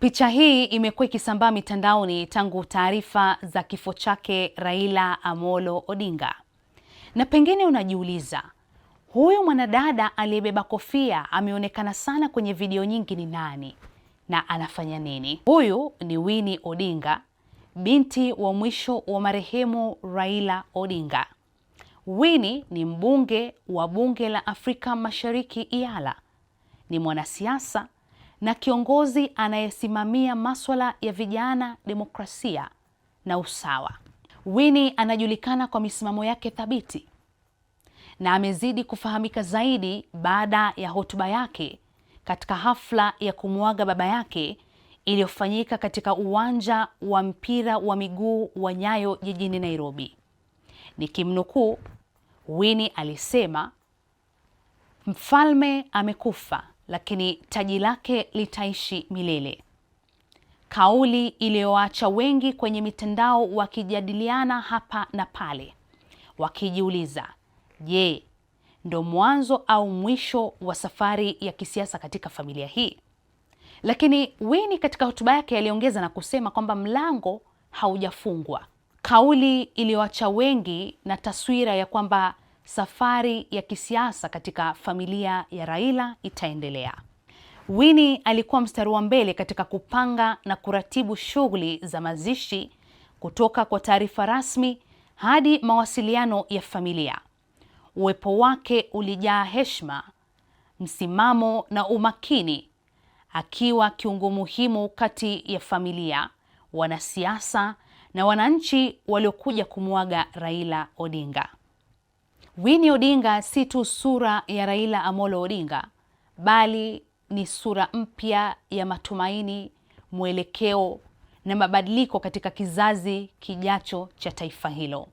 Picha hii imekuwa ikisambaa mitandaoni tangu taarifa za kifo chake Raila Amolo Odinga. Na pengine unajiuliza, huyu mwanadada aliyebeba kofia ameonekana sana kwenye video nyingi ni nani na anafanya nini? Huyu ni Winnie Odinga, binti wa mwisho wa marehemu Raila Odinga. Winnie ni mbunge wa bunge la Afrika Mashariki IALA. Ni mwanasiasa na kiongozi anayesimamia maswala ya vijana, demokrasia na usawa. Winnie anajulikana kwa misimamo yake thabiti na amezidi kufahamika zaidi baada ya hotuba yake katika hafla ya kumuaga baba yake iliyofanyika katika uwanja wa mpira wa miguu wa Nyayo jijini Nairobi. Nikimnukuu, Winnie alisema, mfalme amekufa lakini taji lake litaishi milele. Kauli iliyoacha wengi kwenye mitandao wakijadiliana hapa na pale, wakijiuliza, je, ndo mwanzo au mwisho wa safari ya kisiasa katika familia hii? Lakini Winnie katika hotuba yake aliongeza na kusema kwamba mlango haujafungwa, kauli iliyoacha wengi na taswira ya kwamba safari ya kisiasa katika familia ya Raila itaendelea. Winnie alikuwa mstari wa mbele katika kupanga na kuratibu shughuli za mazishi, kutoka kwa taarifa rasmi hadi mawasiliano ya familia. Uwepo wake ulijaa heshima, msimamo na umakini, akiwa kiungo muhimu kati ya familia, wanasiasa na wananchi waliokuja kumuaga Raila Odinga. Winnie Odinga si tu sura ya Raila Amolo Odinga bali ni sura mpya ya matumaini, mwelekeo na mabadiliko katika kizazi kijacho cha taifa hilo.